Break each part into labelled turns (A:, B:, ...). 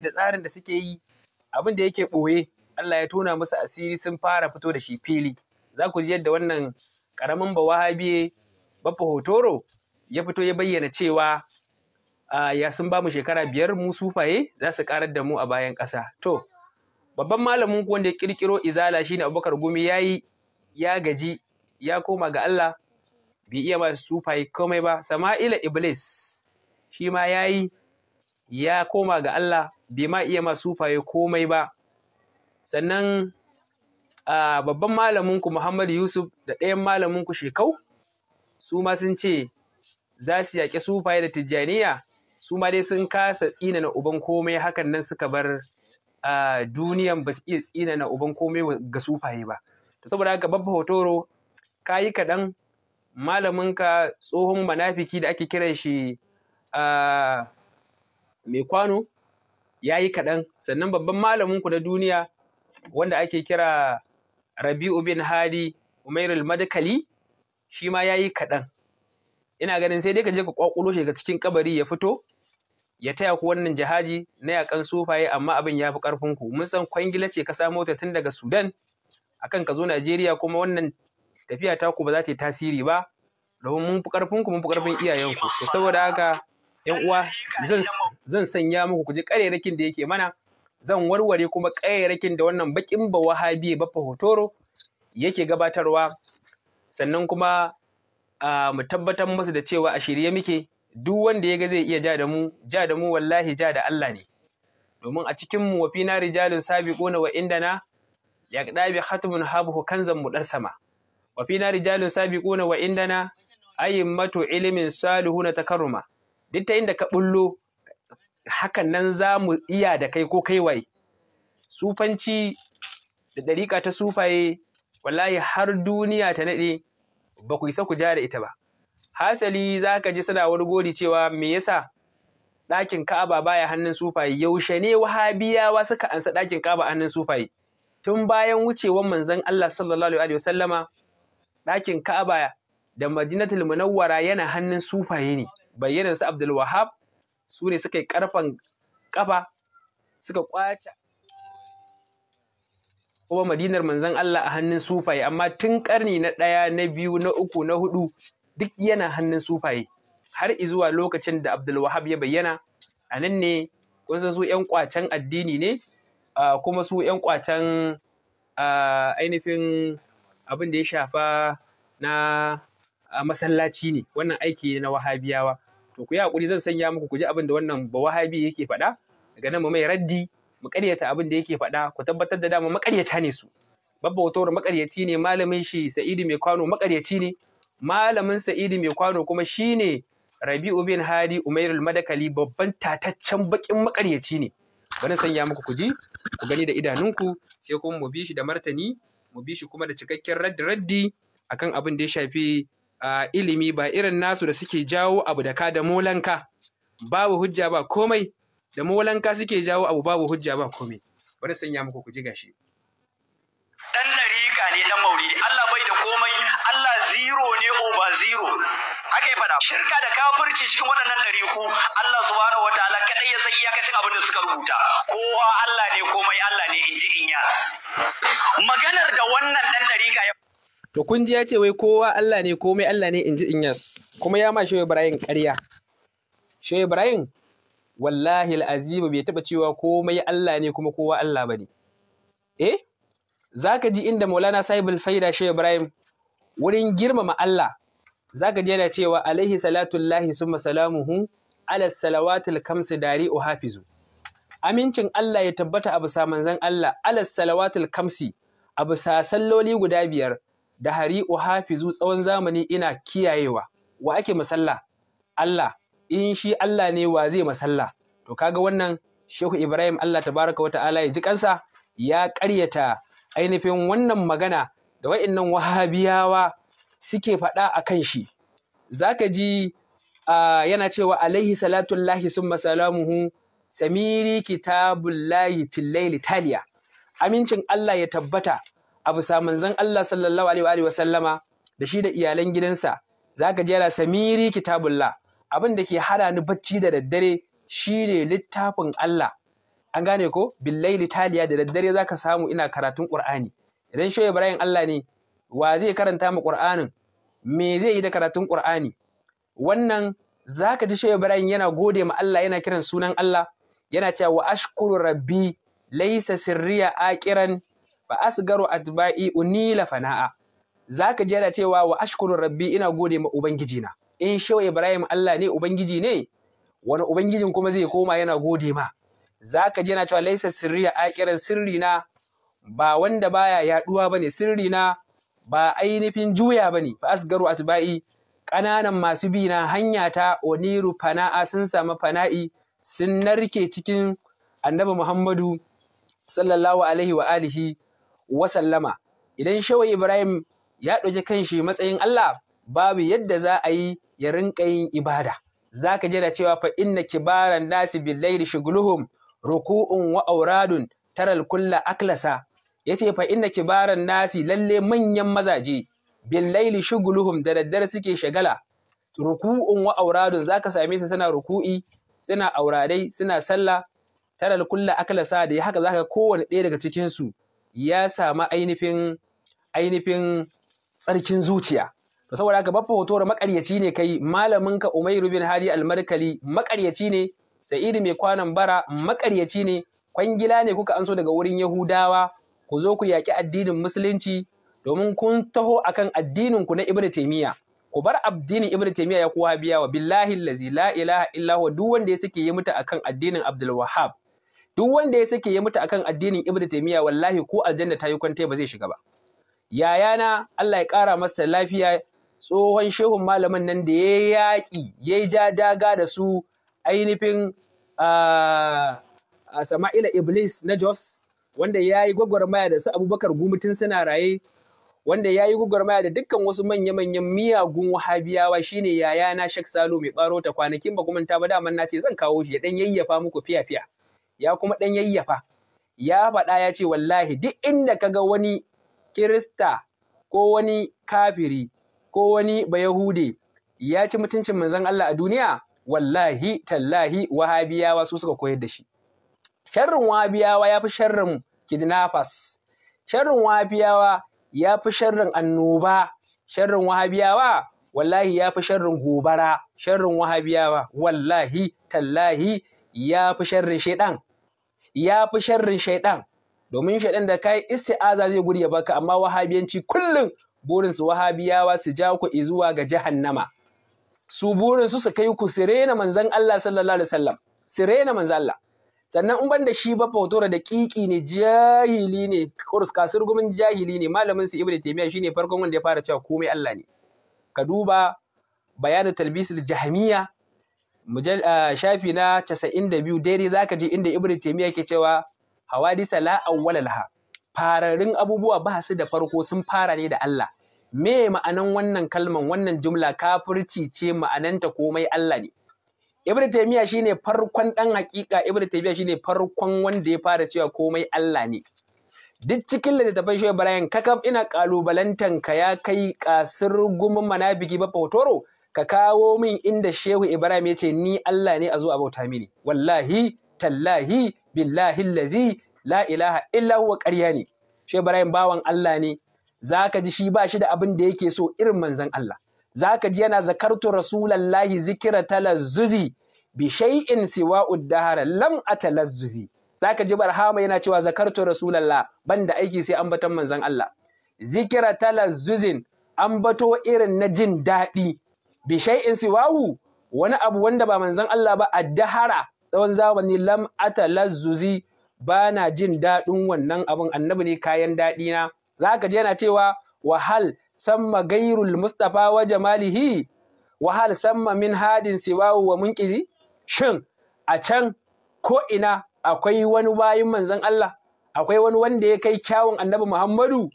A: da tsarin da suke yi abin da yake ɓoye Allah ya tona musu asiri sun fara fito da shi fili za ku ji yadda wannan ƙaramin wahabiye bafa hotoro ya fito ya bayyana cewa ya sun ba mu shekara biyar mu sufaye za su karar da mu a bayan ƙasa to babban malamin ku wanda ya kirkiro izala shine abubakar gumi ya yi ya gaji ya koma ga Allah bai iya ba sufaye komai ba sama'ila iblis shi ma ya yi ya koma ga Allah bai ma iya ma sufaye komai ba sannan a babban malaminku Muhammadu Yusuf da ɗayan malaminku Shekau su ma sun ce za su yaƙi sufaye da tijjaniya su ma dai sun kasa tsina na uban komai hakan nan suka bar uh, duniyan ba su iya tsina na uban komai ga sufaye ba to saboda haka babba hotoro ka yi kaɗan malaminka tsohon manafiki da ake kiran shi a mai kwano ya yi kaɗan sannan babban malaminku na duniya wanda ake kira rabi'u bin hadi umairul madakali shi ma ya yi kaɗan ina ganin sai dai ka je ka kwakulo shi daga cikin kabari ya fito ya taya ku wannan jihadi na yakan sufaye amma abin ya fi karfin ku mun san kwangila ce ka samo ta tun daga Sudan akan ka zo Najeriya kuma wannan tafiya ta ku ba za ta yi tasiri ba domin mun fi ku mun fi karfin iyayen ku saboda haka yan uwa zan sanya muku ku ji ƙarerakin da yake mana zan warware kuma ƙarerakin da wannan bakin ba wahabi baffa hotoro yake gabatarwa sannan kuma mu tabbatar musu da cewa a shirye muke duk wanda ya ga zai iya ja da mu ja da mu wallahi ja da Allah ne domin a cikin mu wafi na rijalun sabiquna wa indana yaqda bi khatmun habuhu kanzan mudar sama wafi na rijalun sabiquna wa indana ayyimatu ilimin salihuna takarruma duk ta inda ka bullo hakan nan za mu iya da kai ko kai waye sufanci da ɗariƙa ta sufaye wallahi har duniya ta naɗe ba ku isa ku ja da ita ba hasali za ka ji suna wani gori cewa me yasa ɗakin ka'aba baya hannun sufaye yaushe ne wahabiyawa suka ansa ɗakin ka'aba hannun sufaye tun bayan wucewar manzon Allah sallallahu alaihi wasallama ɗakin ka'aba da madinatul munawwara yana hannun sufaye ne bayyanar su Abdul Wahab su ne suka yi karfan kafa suka kwace kuma madinar manzon Allah a hannun sufaye amma tun karni na ɗaya na biyu na uku na hudu duk yana hannun sufaye har izuwa lokacin da Abdul Wahab ya bayyana a nan ne kun san su ƴan kwacen addini ne kuma su ƴan kwacen ainihin abin da ya shafa na masallaci ne wannan aiki na wahabiyawa to ku yi hakuri zan sanya muku ku ji abin da wannan bawahabi yake faɗa daga nan mu mai raddi mu ƙaryata abin da yake faɗa ku tabbatar da dama maƙaryata ne su babba wutoro maƙaryaci ne malamin shi sa'idu mai kwano maƙaryaci ne malamin sa'idu mai kwano kuma shine rabi'u bin hadi umairul madakali babban tataccen baƙin maƙaryaci ne bari sanya muku ku ji ku gani da idanunku sai kuma mu bi shi da martani mu bi shi kuma da cikakken raddi raddi akan abin da ya shafi ilimi ba irin nasu da suke jawo abu da ka da molanka babu hujja ba komai da molanka suke jawo abu babu hujja ba komai bari sanya muku ku ji gashi dan dariƙa ne dan
B: maulidi Allah bai da komai Allah zero ne over zero aka yi fada shirka da kafirci cikin waɗannan ɗariku Allah subhanahu wataala kadai ya san iyakacin abin da suka rubuta kowa Allah ne komai Allah ne inji Inyas maganar da wannan dan dariƙa ya
A: To kun ji ya ce wai kowa Allah ne komai Allah ne in ji in yas kuma ya ma Shehu Ibrahim ƙarya. Shehu Ibrahim wallahi al'azibu bai taɓa cewa komai Allah ne kuma kowa Allah ba ne. Eh? Za ka ji inda Maulana Sahibul Faida Shehu Ibrahim wurin girmama Allah za ka ji yana cewa alaihi salatullahi summa salamuhu ala salawatul kamsi dari o hafizu. Amincin Allah ya tabbata a bisa manzan Allah ala salawatul kamsi a bisa salloli guda biyar da hari uhafizu tsawon zamani ina kiyayewa wa ake masalla Allah in shi Allah ne wa zai masalla to kaga wannan Shehu Ibrahim Allah tabaraka wa ta'ala ya ji kansa ya ƙaryata ainihin wannan magana da waɗannan wahabiyawa suke faɗa a kan shi zaka ji yana cewa alaihi lahi summa salamuhu samiri kitabullahi fil laili taliya amincin Allah ya tabbata Abu bisa manzon Allah sallallahu alaihi wa sallama da shi da iyalan gidansa zaka ji yana samiri kitabullah abin da ke hada ni bacci da daddare shine littafin Allah an gane ko billaili taliya da daddare zaka samu ina karatun Qur'ani idan shoye Ibrahim Allah ne wa zai karanta mu Qur'anin me zai yi da karatun Qur'ani wannan zaka ji shoye Ibrahim yana gode ma Allah yana kiran sunan Allah yana cewa wa ashkuru rabbi laysa sirriya aqiran fa asgaru atba'i unila fana'a zaka ji da cewa wa ashkuru rabbi ina gode ma ubangiji na in shau ibrahim Allah ne ubangiji ne wani ubangijin kuma zai koma yana gode ma zaka ji na cewa laisa sirriya akiran sirri na ba wanda baya yaduwa bane sirri na ba ainihin juya bane fa asgaru atba'i ƙananan masu bi na hanya ta oniru fana'a sun samu fana'i sun narke cikin annabi Muhammadu sallallahu alaihi wa alihi wasallama idan shawa ibrahim ya ɗauki kanshi matsayin Allah babu yadda za a yi ya rinƙa yin ibada Za ka jira cewa fa inna kibaran nasi billaili shugluhum ruku'un wa auradun taral kulla aklasa yace fa inna kibaran nasi lalle manyan mazaje billaili shugluhum da daddare suke shagala ruku'un wa auradun zaka same su suna ruku'i suna auradai suna sallah taral kulla aklasa da haka zaka kowane ɗaya daga cikin su ya samu ainihin ainihin tsarkin zuciya to saboda haka babba hotora makaryaci ne kai malamin ka Umayr bin Hadi al-Markali makaryaci ne Sa'id mai kwanan bara makaryaci ne kwangila ne kuka anso daga wurin Yahudawa ku zo ku yaki addinin musulunci domin kun taho akan addinin ku na Ibn Taymiyyah ku bar addinin Ibn Taymiyyah ya kowa biya wa billahi allazi la ilaha illa huwa duk wanda ya suke yi muta akan addinin Abdul Wahhab duk wanda ya sake ya mutu akan addinin Ibn Taymiyyah wallahi ko aljanna ta yi kwante ba zai shiga ba yayana Allah ya kara masa lafiya tsohon shehun malamin nan da ya yaƙi ya ja daga da su ainihin ah, Sama'ila Iblis na Jos wanda ya yi gwagwarmaya da su Abubakar gumutun suna raye wanda ya yi gwagwarmaya da dukkan wasu manya-manyan miyagun wahabiyawa shine yayana Sheikh Salo mai baro ta kwanakin ba kuma ta ba daman na ce zan kawo shi ya dan yayyafa muku fiya-fiya. ya kuma ɗan yayyafa ya faɗa ya ce wallahi duk inda ka ga wani kirista ko wani kafiri ko wani bayahude ya ci mutuncin manzon Allah a duniya wallahi tallahi wahabiyawa su suka koyar da shi sharrin wahabiyawa ya fi sharrin kidnappers sharrin wahabiyawa ya fi sharrin annoba sharrin wahabiyawa wallahi ya fi sharrin gobara sharrin wahabiyawa wallahi tallahi ya fi sharrin shaidan ya fi sharrin shaidan domin shaidan da kai isti'aza zai ya baka amma wahabiyanci kullum burin su wahabiyawa su ja ku zuwa ga jahannama su burin su su kai ku sirena manzon Allah sallallahu alaihi wasallam sirena manzon Allah sannan in banda shi ba fotora da kiki ne jahili ne kurs kasir gumin jahili ne malamin su ibnu taymiya shine farkon wanda ya fara cewa komai Allah ne ka duba bayanu talbisul jahmiya mujal ah, shafi na biyu daidai ka ji inda Ibrahim taymiya yake cewa hawadisa la awwala laha Fararin abubuwa ba su da farko sun fara ne da Allah me ma'anan wannan kalman wannan jumla kafirci ce ma'ananta komai Allah ne Ibn Taymiyyah shine farkon dan hakika Ibn Taymiyyah shine farkon wanda ya fara cewa komai Allah ne duk cikin ta Shehu Ibrahim kakab ina kalubalantan ka ya kai kasir gumin manabiki ba fotoro ka kawo min inda shehu ibrahim ya ce ni allah ne a zo a bauta mini wallahi tallahi billahi lazi la ilaha illa huwa ƙarya ne shehu ibrahim bawan allah ne zaka ji shi ba shi da abin da yake so irin manzon allah zaka ji yana zakartu rasulallahi zikira talazzuzi bi shay'in siwa uddahara lam atalazzuzi zaka ji barhama yana cewa zakartu rasulallah banda aiki sai ambaton manzan Allah zikira talazzuzin ambato irin na jin daɗi bishaiin siwahu wani abu wanda ba manzon Allah ba addahara tsawon zamani lam atalazzuzi na jin daɗin wannan abun annabi ne kayan daɗi na zaka je yana cewa wahal samma gairul mustafa wa jamalihi wahal samma min hadin siwahu wa munqizi shin a can ko ina akwai wani bayin manzon Allah akwai wani wanda ya kai kyawun annabi Muhammadu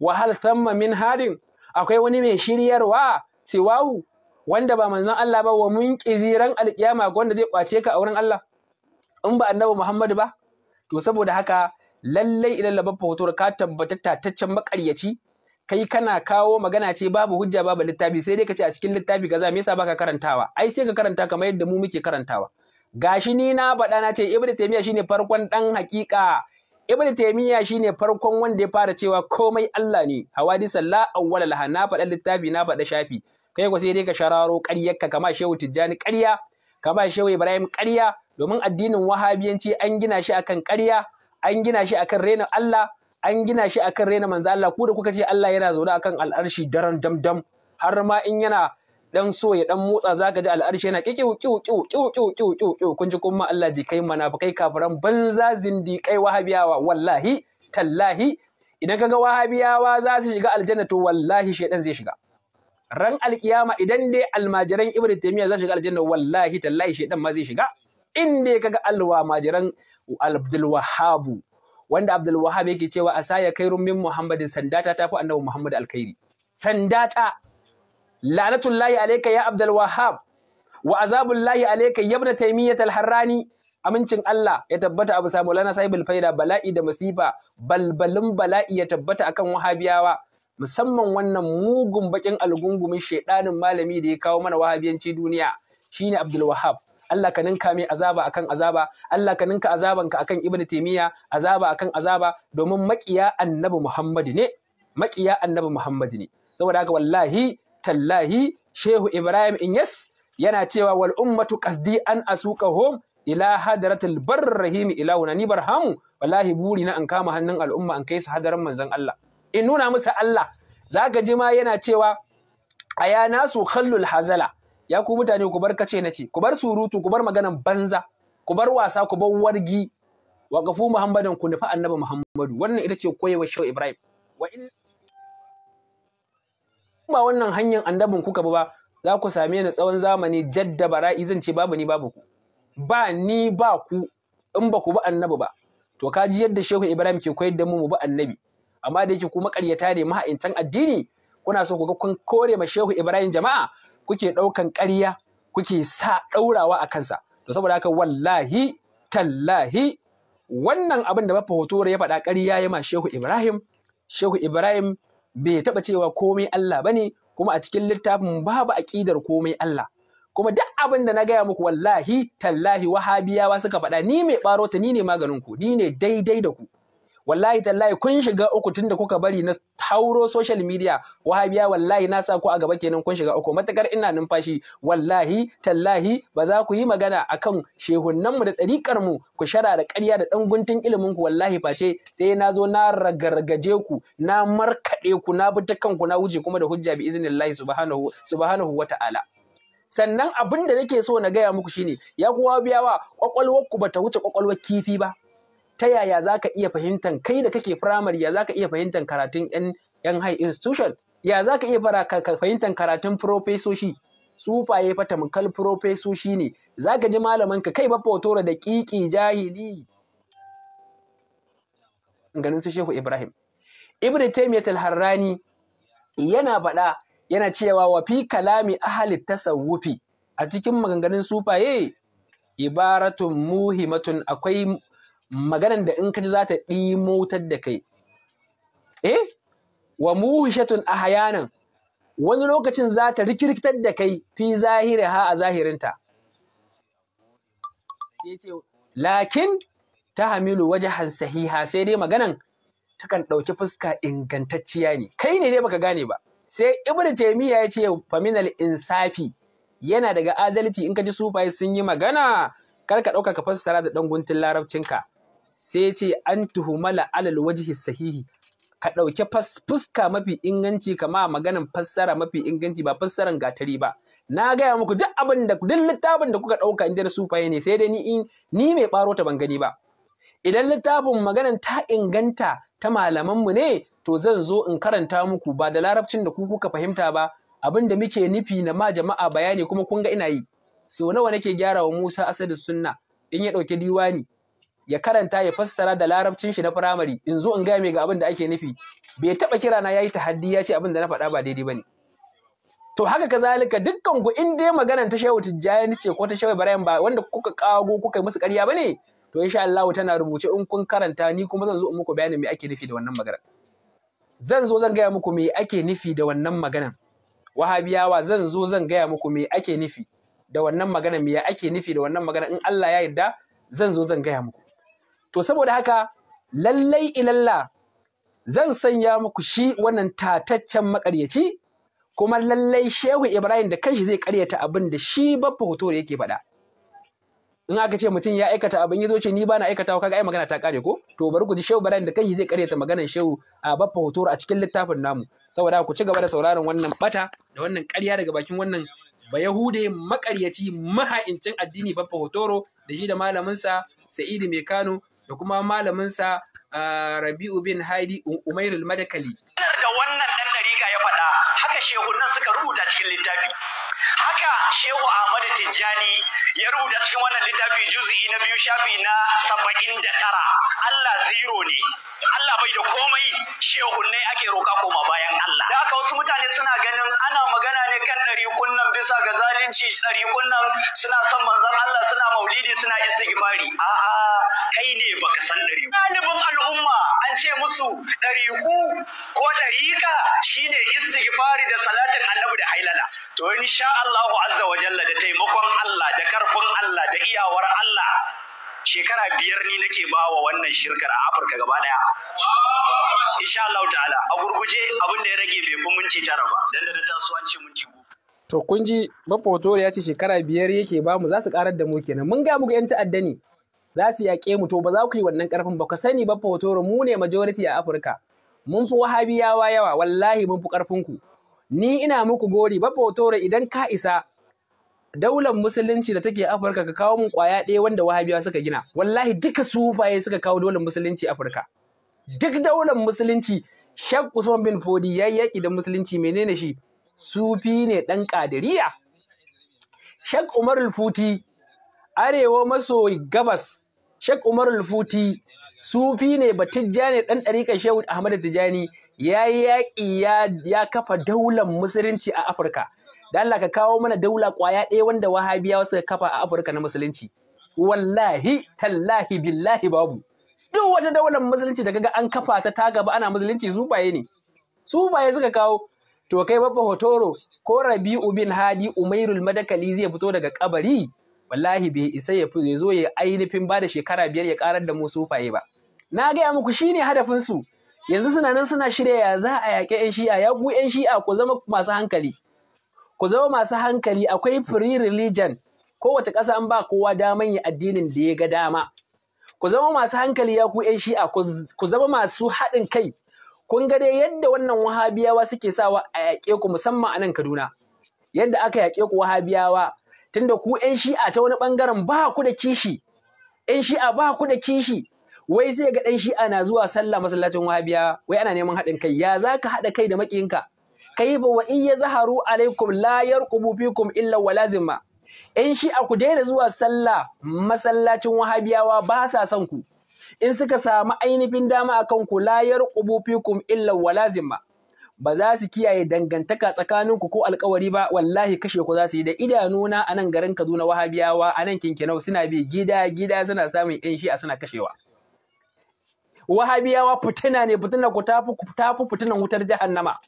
A: wahal samma min hadin akwai wani mai shiryarwa siwawu? wanda ba manzon Allah ba wa mun ran alkiyama wanda zai kwace ka a wurin Allah in ba annabi Muhammad ba to saboda haka lallai idan labaffa hoto ka tabbata tataccen makaryaci kai kana kawo magana ce babu hujja babu littafi sai dai ka ce a cikin littafi kaza me yasa baka karantawa ai sai ka karanta kamar yadda mu muke karantawa gashi ni na faɗa na ce ibnu taymiya shine farkon dan hakika ibnu taymiya shine farkon wanda ya fara cewa komai Allah ne hawadisa la awwala laha na faɗa littafi na faɗa shafi kai ko sai dai ka shararo ƙaryarka kama shehu tijjani ƙarya kama shehu ibrahim ƙarya domin addinin wahabiyanci an gina shi akan ƙarya an gina shi akan raina Allah an gina shi akan raina manzo Allah ku da kuka ce Allah yana zaune akan al'arshi daren damdam har ma in yana dan so ya dan motsa zaka ji al'arshi yana kikiu kiu kiu kiu kiu kun ji kuma Allah ji kai munafikai kafiran banza zindiƙai wahabiyawa wallahi tallahi idan kaga wahabiyawa za su shiga aljanna to wallahi shedan zai shiga ran alkiyama idan dai almajiran ibn taymiya za shiga aljanna wallahi tallahi shedan ma zai shiga in dai kaga alwa majiran abdul wahhab wanda abdul wahhab yake cewa asaya kai min muhammadin sandata tafi annabi muhammad alkhairi sandata lanatullahi alayka ya abdul wahhab wa azabullahi alayka ya ibn taymiya alharrani amincin Allah ya tabbata abu samu maulana sahibul faida bala'i da masifa balbalin bala'i ya tabbata akan wahabiyawa musamman wannan mugun bakin algungumin shedanin malami da ya kawo mana wahabiyanci duniya shine Abdul Wahhab Allah ka ninka mai azaba akan azaba Allah ka ninka azabanka akan Ibn Taymiya azaba akan azaba domin maƙiya Annabi Muhammad ne maƙiya Annabi Muhammad ne saboda haka wallahi tallahi Shehu Ibrahim Inyas yana cewa wal ummatu qasdi an asuqahum ila hadratil barrahim ila hunani barhamu wallahi buri na an kama hannun al'umma an kai su hadaran manzon Allah in nuna musu Allah za ka ji ma yana cewa a ya nasu khallul hazala ya ku mutane ku bar kace na ce ku bar surutu ku bar maganan banza ku bar wasa ku bar wargi wa muhammadan ku nufi annabi muhammadu wannan ita ce koyewa shau ibrahim wa in ba wannan hanyar annabin kuka ba za ku same ni tsawon zamani jadda bara'i zan ce babu ni babu ku ba ni ba ku in ba ku bi annabi ba to kaji yadda shehu ibrahim ke koyar da mu mu bi annabi amma da yake ku makaryata ne ma'aikatan addini kuna so ku ga kun kore ma Shehu Ibrahim jama'a kuke ɗaukan ƙarya kuke sa ɗaurawa a kansa to saboda haka wallahi tallahi wannan abin da Baffa Hotore ya faɗa ƙarya ya ma Shehu Ibrahim Shehu Ibrahim bai taɓa cewa komai Allah bane kuma a cikin littafin babu aƙidar komai Allah kuma duk abin da na gaya muku wallahi tallahi wahabiyawa suka faɗa ni mai ɓaro ni ne maganin ku ni ne daidai da ku wallahi tallahi kun shiga uku tun da kuka bari na hauro social media wahabiya wallahi na sa ku a gaba kenan kun shiga uku matakar ina numfashi wallahi tallahi ba za ku yi magana akan shehunnan mu da ɗariƙar mu ku shara da ƙarya da ɗan guntun ilimin ku wallahi face sai na zo na ragargaje ku na markaɗe ku na bi kanku na wuce kuma da hujja bi iznillahi subhanahu subhanahu wata'ala sannan abin da nake so na gaya muku shine ya kuwa biyawa kwakwalwar ku bata wuce kwakwalwar kifi ba ta yaya za ka iya fahimtar kai da kake firamare ya za ka iya fahimtar karatun yan high institution ya za ka iya fahimtar karatun profesoshi tsufaye fa tamkal profesoshi ne za ka ji malamin ka kai bafa da kiki jahili ganin su shehu ibrahim ibn taymiyyah al-harrani yana faɗa yana cewa wa fi kalami ahli tasawufi a cikin maganganun sufaye ibaratun muhimmatun akwai maganan da in ka ji za ta ɗimotar da kai eh wa muhishatun ahyanan wani lokacin za ta rikirkitar da kai fi ha a zahirinta sai ce lakin ta hamilu wajahan sahiha sai dai maganan takan ɗauki fuska ingantacciya ne kai ne dai baka gane ba sai ibnu taymiya ya ce faminal insafi yana daga adalci in ka ji sufaye sun yi magana kar ka ɗauka ka fassara da ɗan guntun larabcinka sai ya ce an tuhumala alal wajihi sahihi ka ɗauki fuska mafi inganci kama maganan fassara mafi inganci ba fassaran gatari ba na gaya muku duk abin da duk littafin da kuka ɗauka inda da sufaye ne sai dai ni mai ɓaro ta ban gani ba idan littafin maganan ta inganta ta malamanmu ne to zan zo in karanta muku ba da larabcin da ku kuka fahimta ba abin da muke nufi na ma jama'a bayani kuma kun ga ina yi so nawa nake gyara wa Musa Asadu Sunna in ya ɗauki diwani ya karanta ya fassara da larabcin shi na firamare in zo in gaya mai ga abin da ake nufi bai taɓa kira na yayi tahaddi ya ce abin da na faɗa ba daidai bane to haka kazalika dukkan ku in dai maganar ta shehu tijjani ce ko ta shehu ibrahim ba wanda kuka kago kuka yi musu ƙarya bane to insha Allah tana rubuce in kun karanta ni kuma zan zo in muku bayanin me ake nufi da wannan maganar zan zo zan gaya muku me ake nufi da wannan maganar wahabiyawa zan zo zan gaya muku me ake nufi da wannan maganar me ake nufi da wannan maganar in Allah ya yarda zan zo zan gaya muku to saboda haka lallai ilalla zan sanya muku shi wannan tataccen makaryaci kuma lallai shehu ibrahim da kanshi zai karyata abin da shi babba hoto yake faɗa in aka ce mutum ya aikata abin ya ce ni ba na aikatawa kaga ai magana ta kare ko to bari ku ji shehu ibrahim da kanshi zai karyata maganar shehu a babba hoto a cikin littafin namu saboda ku ci gaba da sauraron wannan bata da wannan karya daga bakin wannan ba yahude makaryaci maha'incin addini babba hotoro da shi da malaminsa sa'idu Mekano. da kuma malaminsa Rabi'u bin Hadi Umairul Madakali.
B: Da wannan dan dariga ya faɗa haka shehunan suka rubuta cikin littafi. Haka Shehu Ahmadu Tijjani ya rubuta cikin wannan littafi juzi'i na biyu shafi na saba'in da tara. Allah zero ne. bai da komai ne ake roka koma bayan Allah da haka wasu mutane suna ganin ana magana ne kan ɗarikunan kunnan bisa ga zalunci ɗarikunan kunnan suna son manzon Allah suna maulidi suna istighfari a'a kai ne baka san ɗari ɗalibin al'umma an ce musu ɗariku ko ɗarika shine istighfari da salatin annabi da hailala to insha Allahu azza wa jalla da taimakon Allah da karfin Allah da iyawar Allah shekara biyar ni nake ba wa wannan shirkar a Afirka gaba daya insha Allah ta'ala a gurguje abin da ya rage bai fi minti tara ba dan da an ce minti
A: To kun ji wato ya ce shekara biyar yake ba mu za su karar da mu kenan mun ga muku yan ta'adda ne za su yaƙe mu to ba za ku yi wannan karfin ba ka sani ba wato mu ne majority a Afirka mun fi wahabiyawa yawa wallahi mun fi karfin ku ni ina muku gori ba wato idan ka isa daular musulunci da take Afirka ka kawo mun kwaya ɗaya wanda wahabiyawa suka gina wallahi duka sufaye suka kawo daular musulunci Afirka duk daular musulunci Sheikh Usman bin Fodi ya yaki da musulunci menene shi sufi ne dan kadiriya Sheikh Umar al-Futi arewa maso gabas Sheikh Umar al-Futi sufi ne batijjani ɗan ɗariƙar Shehu Ahmad Tijani ya yaƙi ya kafa daular musulunci a Afirka da Allah ka kawo mana daula kwaya ɗaya wanda wahabiyawa suka kafa a Afirka na musulunci wallahi tallahi billahi babu duk wata daular musulunci da kaga an kafa ta ta gaba ana musulunci su baye ne su baye suka kawo to kai babba hotoro ko Rabi'u bin Hadi Umairul Madakali zai fito daga kabari wallahi bai isa ya fi zo ya ainihin ba da shekara biyar ya karar da mu sufaye ba na gaya muku shine hadafin su yanzu suna nan suna shirya ya za a yaƙi 'yan shi'a ya 'yan shi'a ku zama masu hankali ku zama masu hankali akwai free religion kowace ƙasa an ba kowa daman yi addinin da ya ga dama ku zama masu hankali ya ku yan shi'a ku zama masu haɗin kai kun ga dai yadda wannan wahabiyawa suke sawa a yaƙe ku musamman a nan Kaduna yadda aka yaƙe ku wahabiyawa tunda ku yan shi'a ta wani ɓangaren ba ku da kishi yan shi'a ba ku da kishi wai sai ga ɗan shi'a na zuwa sallah masallacin wahabiyawa wai ana neman haɗin kai ya za ka haɗa kai da maƙiyinka kaifa wa iya zaharu alaikum la yarqubu fikum illa wa lazima. in shi a ku daina zuwa sallah masallacin wahabiyawa ba sa son ku in suka samu ainihin dama akan ku la yarqubu fikum illa wa lazima, ba za su kiyaye dangantaka tsakanin ku ko alkawari ba wallahi kashe ku za su yi da idanuna a nan garin Kaduna Wahabiyawa a nan Kinkinau suna bi gida gida suna samun yan shi'a suna kashewa Wahabiyawa fitina ne fitina ku tafi ku tafi wutar jahannama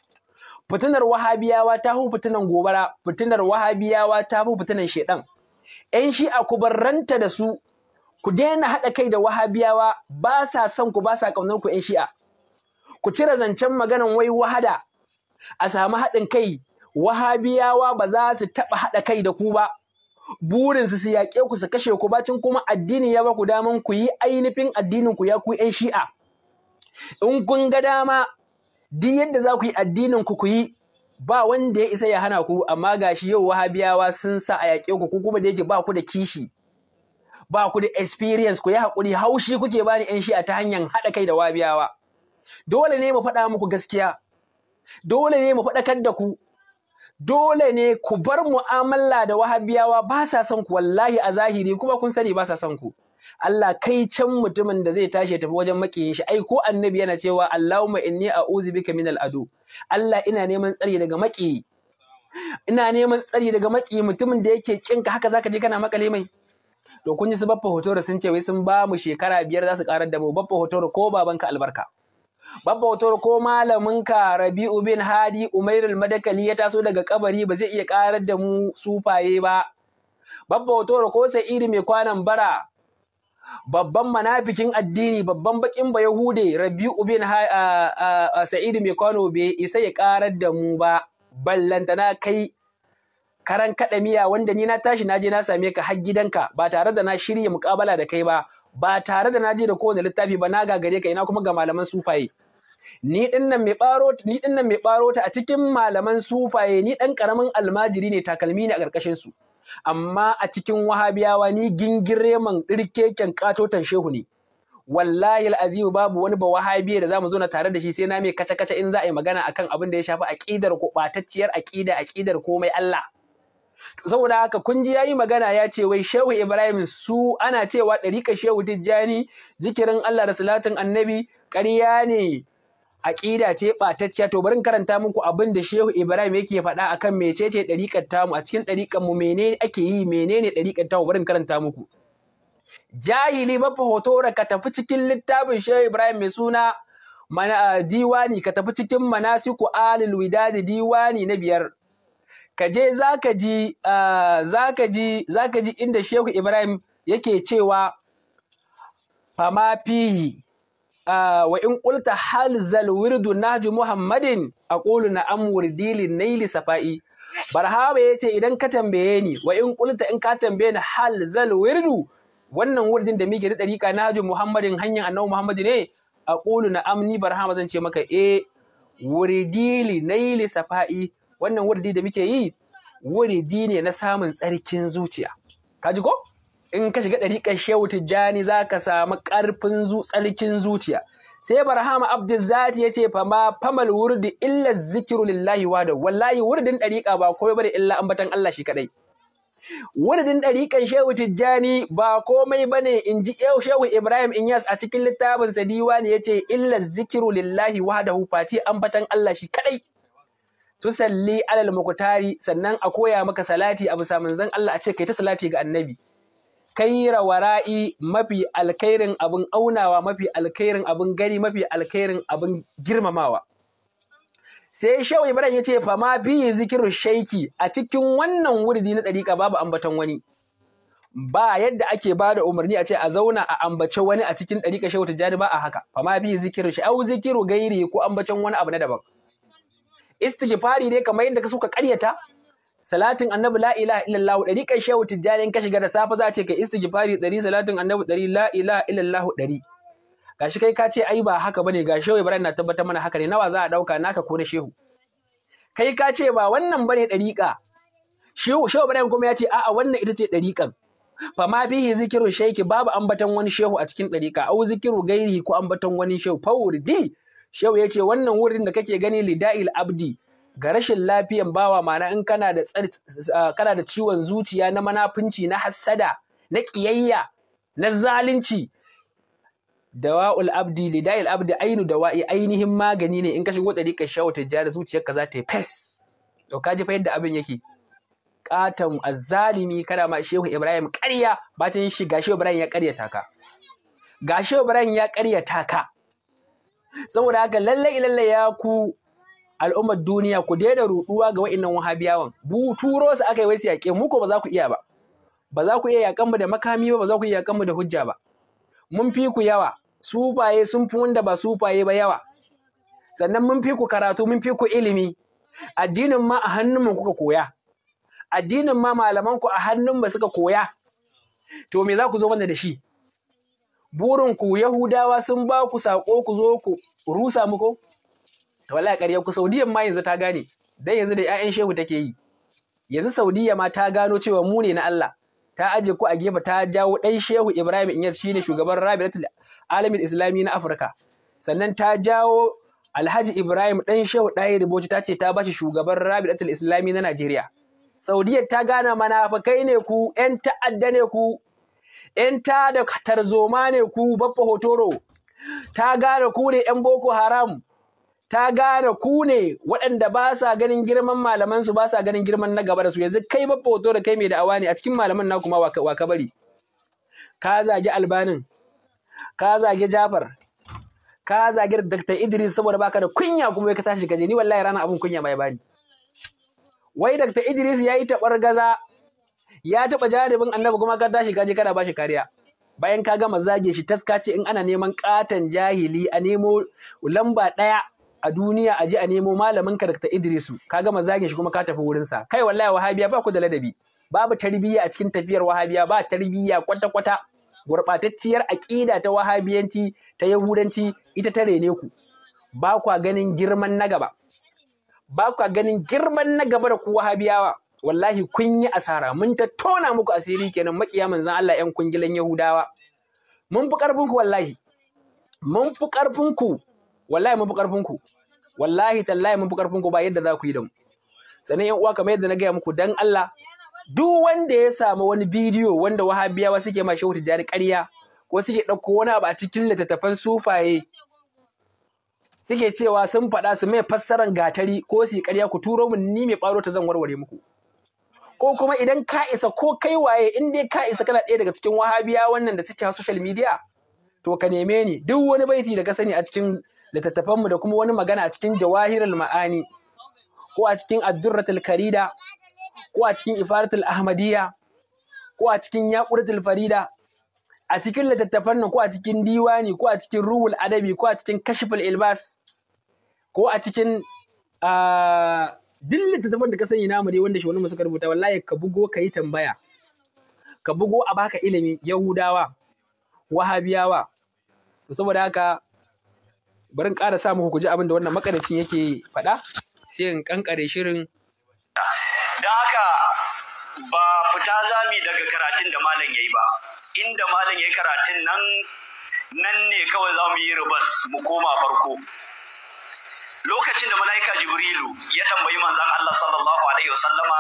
A: fitinar wahabiyawa ta fi fitinan gobara fitinar wahabiyawa ta fi fitinan shedan yan shi'a ku barranta da su ku daina haɗa kai da wahabiyawa ba sa son ku ba sa ƙaunar ku yan shi'a ku cire zancen maganan wai wahada a samu haɗin kai wahabiyawa ba za su taɓa haɗa kai da ku ba burinsu su yaƙe ku su kashe ku bacin kuma addini ya ba ku daman ku yi ainihin addinin ku ya ku yan shi'a in kun ga dama duk yadda za ku yi addinin ku ku yi ba wanda ya isa ya hana ku amma gashi yau wahabiyawa sun sa a yaƙe ku ku kuma da yake ba ku da kishi ba ku da experience ku yi haƙuri haushi kuke bani yan shi'a ta hanyar haɗa kai da wahabiyawa dole ne mu faɗa muku gaskiya dole ne mu faɗakar da ku dole ne ku bar mu'amala da wahabiyawa ba sa son ku wallahi a zahiri kuma kun sani ba sa son ku Allah kai can mutumin da zai tashi tafi wajen makiyin shi ai ko annabi yana cewa Allahumma inni a'uzu bika min al'adu Allah ina neman tsari daga makiyi ina neman tsari daga makiyi mutumin da yake kinka haka zaka je kana makale mai to kun ji su baffa hotoro sun ce wai sun ba mu shekara biyar za su karar da mu baffa hotoro ko babanka albarka babba hotoro ko malaminka rabi'u bin hadi umairul madakali ya taso daga kabari ba zai iya karar da mu sufaye ba babba hotoro ko sa'iri mai kwanan bara babban manafikin addini babban bakin ba Yahude Rabi'u bin Sa'id mai kwano bai isa ya karar da mu ba ballantana kai karan kaɗa miya wanda ni na tashi na je na same ka har gidanka ba tare da na shirya muƙabala da kai ba ba tare da na je da kowane littafi ba na gagare ka ina kuma ga malaman sufaye ni din nan mai baro ni din nan mai baro ta a cikin malaman sufaye ni dan karamin almajiri ne takalmi ne a ƙarƙashin su amma a cikin wahabiyawa ni gingire man ɗirkeken katotan shehu ne wallahi azimu babu wani ba wahabi da za mu zo na tare da shi sai na mai kaca kaca in za a yi magana akan abin da ya shafi aqidar ko batacciyar aqida aqidar komai Allah saboda haka kun ji yayi magana ya ce wai Shehu Ibrahim su ana cewa Ɗarika Shehu Tijjani zikirin Allah da salatin Annabi ƙarya ne aqida ce batacciya to barin karanta muku abin da Shehu Ibrahim yake faɗa akan mecece ɗariƙar tamu a cikin dariƙar mu menene ake yi menene ta tamu bari karanta muku jahili ba fa hoto ka tafi cikin littafin Shehu Ibrahim mai suna mana diwani ka tafi cikin manasiku alil widad diwani na biyar ka je zaka ji zaka ji zaka ji inda Shehu Ibrahim yake cewa fama fihi wa in qulta hal zal wirdu Naji muhammadin aqulu na'am wurdili naili safa'i barhaba yace idan ka tambaye ni wa in qulta in ka tambaye ni hal zal wirdu wannan wurdin da muke da dariƙa nahju muhammadin hanyar annabi muhammad ne aqulu na'am ni barhama zan ce maka eh wurdili naili safa'i wannan wurdi da muke yi wurdi ne na samun tsarkin zuciya kaji ko in ka shiga ɗariƙar shehu tijjani za ka samu ƙarfin tsarkin zuciya sai barhama abdulzati ya ce fama famal wurdi illa zikiru lillahi wada wallahi wurdin ɗariƙa ba komai bane illa ambatan Allah shi kaɗai wurdin ɗariƙar shehu tijjani ba komai bane in ji shehu ibrahim inyas a cikin littafin sa diwani ya ce illa zikiru lillahi wahdahu fati ambatan Allah shi kaɗai salli alal muktari sannan a koya maka salati abu samun zan Allah a ce kai ta salati ga annabi Kaira wara'i mafi alkhairin abin aunawa mafi alkhairin abin gari, mafi alkhairin abin girmamawa sai shehu ibrahim ya ce fa ma bi zikiru shaiki a cikin wannan wurdi na dariƙa babu ambaton wani ba yadda ake ba da umarni a ce a zauna a ambace wani a cikin ɗariƙa shehu tijjani ba a haka fa ma bi zikiru shi au zikiru gairi ko ambacen wani abu na daban istighfari dai kamar yadda ka suka ƙaryata salatin annabi la ilaha illallah ɗari kai shehu tijjani in ka shiga da safe za ce kai istighfari ɗari salatin annabi ɗari la ilaha illallah ɗari gashi kai ka ce ai ba haka bane ga shehu ibrahim na tabbatar mana haka ne nawa za a ɗauka naka ko na shehu kai ka ce ba wannan bane ɗariƙa shehu shehu kuma ya ce a'a wannan ita ce ɗariƙan fa ma bihi zikiru shayki babu ambaton wani shehu a cikin ɗariƙa au zikiru gairi ko ambaton wani shehu fawurdi shehu ya ce wannan wurin da kake gani lida'il abdi ga rashin lafiyan bawa ma'ana in kana da kana da ciwon zuciya na manafinci na hassada na ƙiyayya na zalunci dawa'ul abdi lidayil abdi ainu dawa'i ainihin magani ne in ka shigo dari ka shawo tijjara zuciyarka za ta yi fes to ka ji fa yadda abin yake katan azzalimi kana ma shehu ibrahim ƙarya bacin shi ga shehu ibrahim ya ƙarya taka. ga shehu ibrahim ya ƙarya taka. saboda haka lallai lallai ya ku al'ummar duniya ku daina ruɗuwa ga wa'innan wahabiyawan bu turo su aka yi wai su yaƙe mu ko ba za ku iya ba ba za ku iya yaƙan mu da makami ba ba za ku iya yaƙan mu da hujja ba mun fi ku yawa sufaye sun fi wanda ba sufaye ba yawa sannan mun fi ku karatu mun fi ku ilimi addinin ma a hannunmu kuka koya addinin ma malaman ku a hannunmu suka koya to me za ku zo mana da shi burin ku yahudawa sun ba ku saƙo ku zo ku rusa muku? ko ta wallahi ƙarya ku saudiyan ma yanzu ta gane dan yanzu da 'ya'yan shehu take yi yanzu saudiya ma ta gano cewa mu ne na Allah ta aje ku a gefe ta jawo ɗan shehu Ibrahim Inyas shine shugaban Rabi'atul Alamin Islami na Afirka sannan ta jawo Alhaji Ibrahim ɗan shehu ɗaya Riboci ta ce ta bashi shugaban Rabi'atul Islami na Najeriya Saudiya ta gana manafakai ne ku ƴan ta'adda ne ku ƴan ta da tarzoma ne ku baffa hotoro ta gane ku ne 'yan Boko Haram ta gane ku ne waɗanda ba sa ganin girman malaman su ba sa ganin girman na gaba da su yanzu kai babba hoto da kai mai da'awa ne a cikin malaman na kuma wa ka bari ka zagi albanin ka zagi jafar ka zagi Dr. Idris saboda baka da kunya kuma ka tashi gaje ni wallahi ranar abun kunya mai bani wai Dr. Idris yayi tabar gaza ya taba jaribin annabi kuma ka tashi gaje kana bashi kariya bayan ka gama zage shi ce in ana neman katan jahili a nemo lamba ɗaya a duniya a je a nemo malamin ka Dr. Idrisu ka gama zagin shi kuma ka tafi wurin sa kai wallahi wahabiya ba ku da ladabi babu tarbiyya a cikin tafiyar wahabiya ba tarbiyya kwata kwata gurbatacciyar aqida ta wahabiyanci ta yahudanci ita ta rene ku ba kwa ganin girman na gaba ba kwa ganin girman na gaba da ku wahabiyawa wallahi kun yi asara mun ta tona muku asiri kenan makiya manzan Allah yan kungilan yahudawa mun fi karfin ku wallahi mun fi ƙarfinku wallahi mun fi karfin ku wallahi tallahi mun fi karfin ku ba yadda za ku yi da mu sanin yan uwa kamar yadda na gaya muku dan Allah duk wanda ya samu wani bidiyo wanda wahabiyawa suke ma shehu tijari ƙarya ko suke ɗauko wani abu a cikin littattafan sufaye suke cewa sun faɗa su mai fassaran gatari ko su yi ƙarya ku turo min ni mai ɓaro ta zan warware muku ko kuma idan ka isa ko kai waye in dai ka isa kana ɗaya daga cikin wahabiya wannan da suke social media to ka neme ni duk wani baiti da ka sani a cikin littattafanmu da kuma wani magana a cikin jawahirul ma'ani ko a cikin addurratul karida ko a cikin ifaratul ahmadiyya ko a cikin yaquratul farida a cikin littattafan nan ko a cikin diwani ko a cikin ruhul adabi ko a cikin kashful ilbas ko a cikin duk littattafan da ka sani namu dai wanda wani suka rubuta wallahi ka bugo ka yi tambaya ka bugo a baka ilimi yahudawa wahabiyawa saboda haka bari in ƙara sa muku ku ji abin da wannan makarancin yake faɗa sai in kankare shirin
B: da haka ba fita zami daga karatun da malam yayi ba inda malam yi karatun nan nan ne kawai za mu yi ribas mu koma farko lokacin da malaika jibrilu ya tambayi manzon Allah sallallahu alaihi wasallama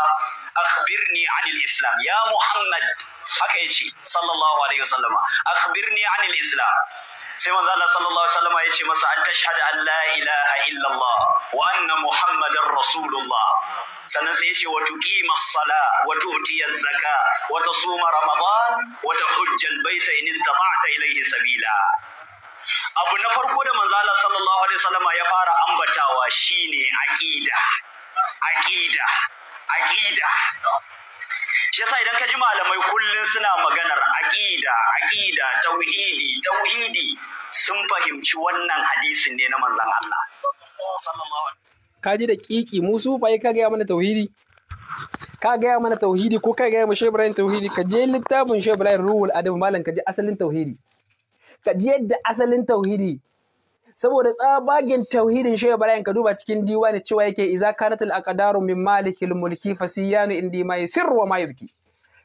B: akhbirni anil islam ya muhammad haka yace sallallahu alaihi wasallama akhbirni anil islam sai manzo Allah sallallahu alaihi wasallam ya ce masa an tashhadu an la ilaha illallah wa anna muhammadar rasulullah sannan sai ya ce wa tuqima as-sala wa tu'ti az-zaka wa tasuma ramadan wa tahujja al-baita in istata'ta ilayhi sabila abu na farko da manzo Allah sallallahu alaihi wasallam ya fara ambatawa shine aqida aqida aqida shi yasa idan ka ji malamai kullum suna maganar aƙida aqida tauhidi tauhidi sun fahimci wannan hadisin ne na manzon Allah
A: ka ji da kiki su fa ka gaya mana tauhidi ka gaya mana tauhidi ko ka gaya mana shehu tauhidi ka je littafin shehu ibrahim ruhul adam malam ka ji asalin tauhidi ka ji yadda asalin tauhidi saboda tsabagen tauhidin shehu ibrahim ka duba cikin diwani cewa yake idza kanatul aqdaru min malikil mulki fasiyanu indi ma yusirru wa ma yubki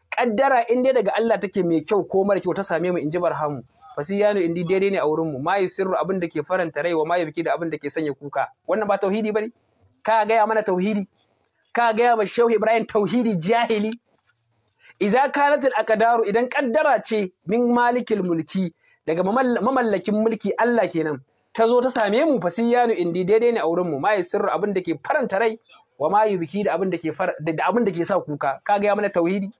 A: kaddara in dai daga Allah take mai kyau ko mara kyau ta same mu inji barhamu fasiyanu indi daidai ne a wurin mu ma yusirru abin da ke faranta rai wa ma yubki da abin da ke sanya kuka wannan ba tauhidi bane ka gaya mana tauhidi ka gaya ma shehu ibrahim tauhidi jahili idza kanatul aqdaru idan kaddara ce min malikil mulki daga mamallakin mulki Allah kenan ta zo ta same mu yanu indi daidai ne a wurin mu mai sirru abin da ke faranta rai wa ma biki da abin da ke da abin da ke sa kuka Ka ya mana tauhidi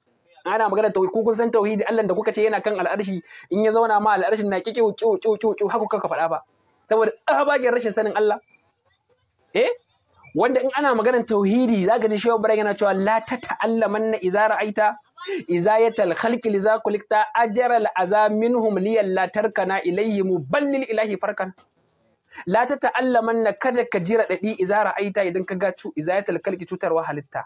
A: ana magana tauhidi ku kun san tauhidi Allah da kuka ce yana kan al'arshi in ya zauna ma al'arshin na kike kiwo kiwo kiwo haka kuka faɗa ba saboda tsabagen rashin sanin Allah eh wanda in ana maganar tauhidi zaka ji shehu bara yana cewa la ta ta'allaman na idza ra'aita idza yatal khalqi liza kulikta ajral azaminhum liyalla tarkana ilayhi muballil ilahi farkan la ta na kada ka ji raɗaɗi iza ra'aita idan ka ga cu iza ya talkalki cutarwa halitta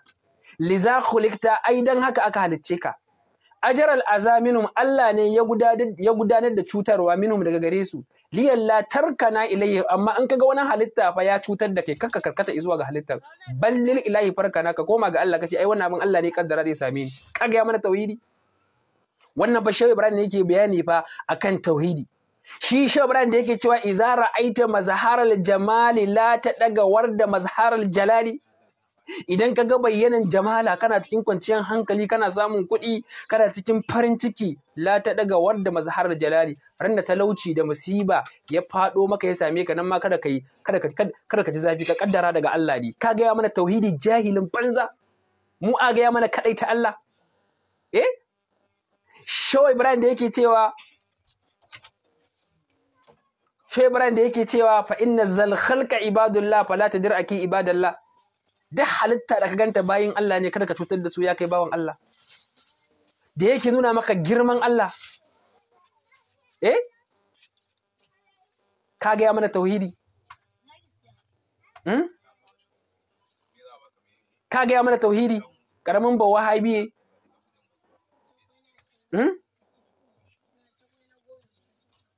A: liza khulikta ai dan haka aka halicce ka ajaral azaminum Allah ne ya gudanar da cutarwa minum daga gare su liyalla tarkana ilayhi amma in kaga wani halitta fa ya cutar da kai kakka karkata zuwa ga halittar ballil ilahi farkana ka koma ga Allah kace ai wannan abin Allah ne kaddara zai same ni kaga ya mana tauhidi wannan fa Shehu Ibrahim ne yake bayani fa akan tauhidi shi shabran da yake cewa izara aita mazharar jamali la ta daga warda mazharar jalali idan ka ga bayyanan jamala kana cikin kwanciyar hankali kana samun kuɗi kana cikin farin ciki la ta daga warda mazharar jalali ran da talauci da musiba ya faɗo maka ya same ka nan ma kada ka ji zafi ka kaddara daga Allah ne ka gaya mana tauhidi jahilin banza mu a gaya mana kadai ta Allah eh shawai Ibrahim da yake cewa Ibrahim da yake cewa fa inna zal khalqa ibadullah fala tadir aki ibadallah duk halitta da ka ganta bayin Allah ne kada ka cutar da su ya kai bawan Allah da yake nuna maka girman Allah eh ka gaya mana tauhidi hmm? ka gaya mana tauhidi karamin ba wahabi hmm?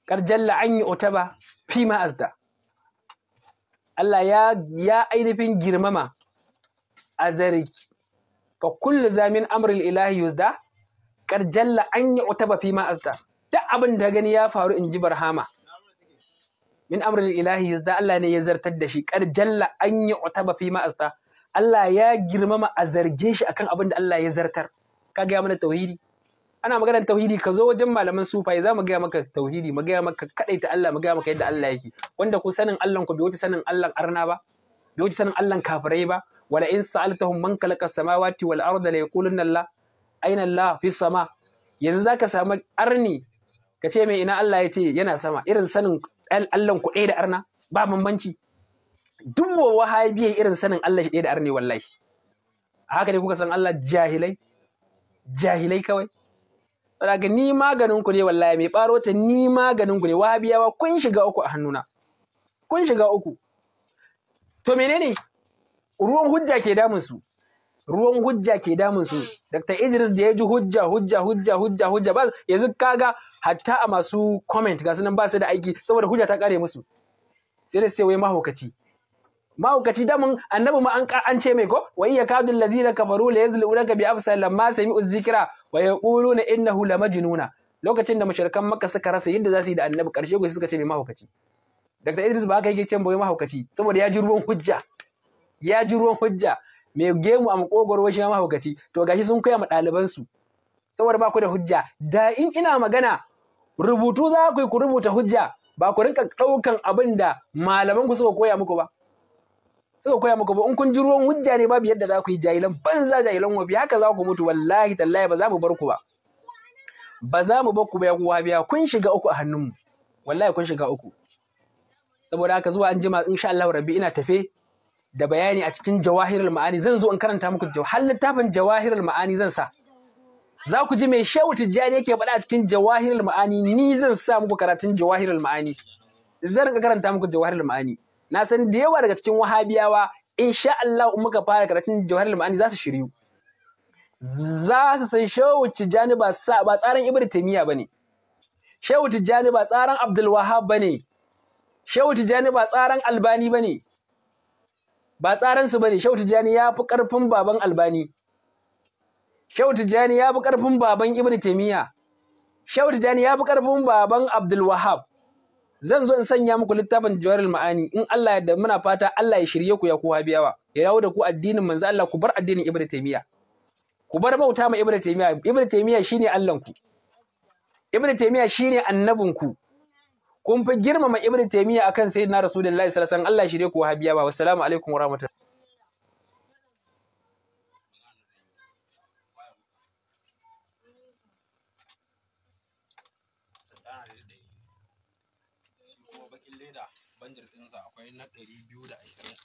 A: kar jalla an yi ba fi ma azda Allah ya ya ainihin girmama a zarki fa kullu zamin amril ilahi yuzda kar jalla an yi ba fi ma azda duk abin da gani ya faru in ji barhama min amril ilahi yuzda Allah ne ya zartar da shi kar jalla an yi ba fi ma azda Allah ya girmama a zarge shi akan abin da Allah ya zartar kaga ya mana tauhidi ana maganar tauhidi ka zo wajen malaman sufaye za mu gaya maka tauhidi mu gaya maka kadaita Allah mu gaya maka yadda Allah yake wanda ku sanin Allah ku bai wuce sanin Allah arna ba bai wuce sanin Allah kafirai ba wala in sa'altahum man khalaqa samawati wal arda la yaqulunna Allah aina Allah fi sama yanzu zaka samu arni ka ce mai ina Allah ya ce yana sama irin sanin Allah ku ɗaya da arna ba bambanci duk wa wahabiya irin sanin Allah shi ɗaya da arni wallahi haka ne kuka san Allah jahilai jahilai kawai Daga ni maganin ku ne wallahi mai baro ta ni maganin ku ne Wa wa? kun shiga uku a hannuna. Kun shiga uku. To menene? Ruwan hujja ke damun su. Ruwan hujja ke damun su. Dr. Idris da ya ji hujja hujja hujja hujja hujja ba yanzu kaga hatta a masu comment ga sunan ba su da aiki saboda hujja ta kare musu. Sai da sai wai mahaukaci. mahaukaci damun annabi ma an ce mai ko wai iya kadu lazina kafaru la yazlunaka bi absal lamma sami'u zikra wa yaquluna innahu lamajnuna lokacin da mushrikan makka suka rasa yadda za su yi da annabi karshe gobe suka ce mai mahaukaci Dr. Idris ba haka yake can bai mahaukaci saboda ya ji ruwan hujja ya ji ruwan hujja mai gemu a makogwaro shi mahaukaci to gashi sun koya ma ɗaliban su saboda ba ku da hujja da in ina magana rubutu za ku yi ku rubuta hujja ba ku rinka ɗaukan abin da malaman ku suka koya muku ba suka koya muku ba in kun ji ruwan hujja ne babu yadda za ku yi jahilan banza jahilan wabi haka za ku mutu wallahi tallahi ba za mu bar ku ba ba za mu bar ku ba ya kuwa biya kun shiga uku a hannunmu wallahi kun shiga uku saboda haka zuwa an jima sha Allah rabbi ina tafe da bayani a cikin jawahirul ma'ani zan zo in karanta muku har littafin jawahirul ma'ani zan sa za ku ji mai shehu tijjani yake faɗa a cikin jawahirul ma'ani ni zan sa muku karatun jawahirul ma'ani zan rinka karanta muku jawahirul ma'ani na san da yawa daga cikin wahabiyawa insha Allah in muka fara karatun jawharul ma'ani za su shiryu za su san shehu tijjani ba sa ba tsarin ibnu taymiya bane shehu tijjani ba tsaran abdul wahhab bane shehu tijjani ba tsaran albani bane ba tsarin su bane shehu tijjani ya fi karfin baban albani shehu tijjani ya fi karfin baban ibnu taymiya shehu tijjani ya fi karfin baban abdul wahhab zan zo in sanya muku littafin jawarul ma'ani in Allah ya muna fata Allah ya shirye ku ya kowa biyawa ya dawo da ku addinin manzo Allah ku bar addinin ibnu taymiya ku bar bauta ma ibnu taymiya ibnu taymiya shine Allah ku ibnu taymiya shine annabin ku kun fi girmama ibnu taymiya akan sayyidina Rasulullahi sallallahu alaihi wasallam Allah ya shirye ku Habiyawa. wassalamu alaikum warahmatullahi na ɗari biyu da ashirin